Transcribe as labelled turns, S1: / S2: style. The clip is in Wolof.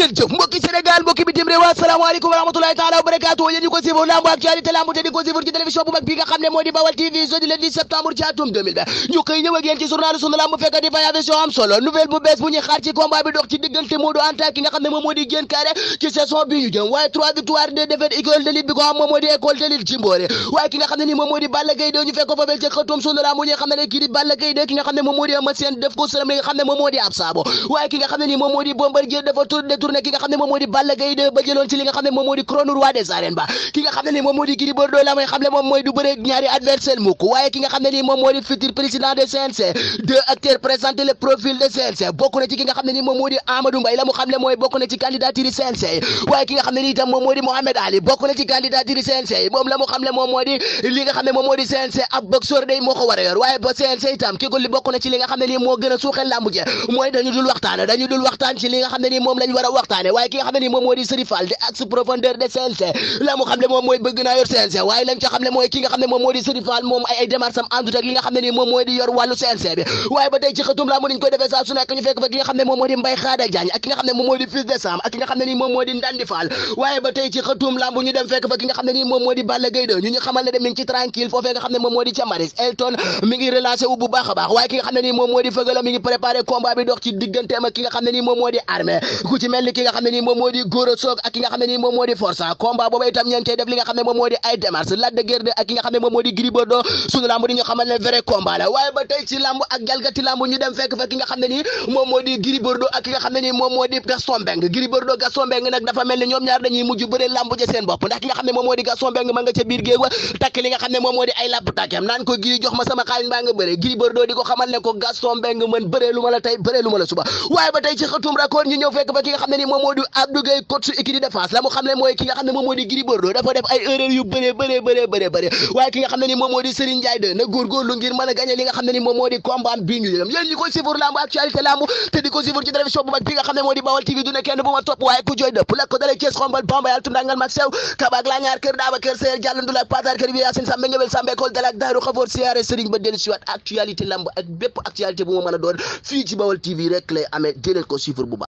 S1: ngeen jëf mbokki Sénégal mbokki bitim réew asalaamaaleykum wa rahmatulahi taala wa barakaatu yéen ñi ko suivre lamb actualité lamb te di ko suivre ci télévision bu mag bi nga xam ne moo di Bawal TV jeudi le 10 septembre ci atum 2020 ñu koy ñëw ak yéen ci journal sunu lamb fekk di fay avision am solo nouvelle bu bees bu ñuy xaar ci combat bi dox ci diggante Modou Anta ki nga xam ne moom moo di Diène Kairé ci saison bi ñu jëm waaye 3 victoires de défaite école de lutte bi ko am moom moo di école de lutte ci mboore waaye ki nga xam ne nii moom moo di Balla Gaye 2 ñu fekk ko fa bel ci xëtum sunu lamb ñu xam ne kii di Balla Gaye 2 ki nga xam ne moom moo di Eumeu Sène def ko sëlam li nga xam ne moom moo di ab saabo waaye ki nga xam ne nii moom moo di Bombardier dafa tur retourné ki nga xam ne moom moo Balla Gaye 2 ba ci li xam ne moom moo di couronne roi ba ki nga xam ne nii moom moo di Gris Bordeaux la xam ne moom mooy du bëre ñaari mukk waaye ki nga xam ne nii moom moo di futur de CNC deux acteurs présenté le profil de CNC bokk ci ki nga xam ne nii moom moo di Amadou Mbaye la mu xam ne mooy bokk ci candidature yi CNC waaye ki la moo xam ne moom moo di xam ne moom lañ war waxtaane waaye ki nga xam ne nii moom moo di Serigne di axe profondeur de CNG la mu xam ne moom mooy bëgg naa yor CNG waaye lañ ca xam ne mooy moom moo di Serigne moom ay ay démarche am àndut ak li nga xam ne nii moom mooy di yor wàllu CNG bi waaye ba tey ci xëtum laa mu niñu nga xam ne moom moo nga xam ne moom moom moo di Ndandi Fall waaye ba ki nga xam ne nii moom moo di Balla Gaye 2 ñu xamal ne dem mi ci tranquille foofee nga nga xam ne nii moom moo ki nga xam ne nii moom moo di nga xam ne nii moom moo di Forza itam ña wa ko Gris jox ma sama xaalis baa nga bëre Gris Bordeaux di ko ne ko Gaston Mbengue mën bëree lu ma la tey bëree lu ma la suba waaye ba tey ci xëtum record ñu ñëw fekk fa ki nga xam ne ni moo di Abdou Gueye coach su équipe de défense ki nga xam ne moom moo di Gris Bordeaux dafa def ay erreur yu bëree bëree bëree bëree waaye ki nga xam ne ni moom moo di Serigne Ndiaye de na góorgóorlu ngir mën a gagné li nga xam ne ni moom moo di combat bi ñu yëm yéen ñi ko suivre lamb actualité lamb te di ko suivre ci télévision bu mag bi nga xam ne moo di Bawal TV du ne kenn bu ma topp waaye ku jooy dëpp la ko dalee Thiès xombal bambayal tundangal mag sew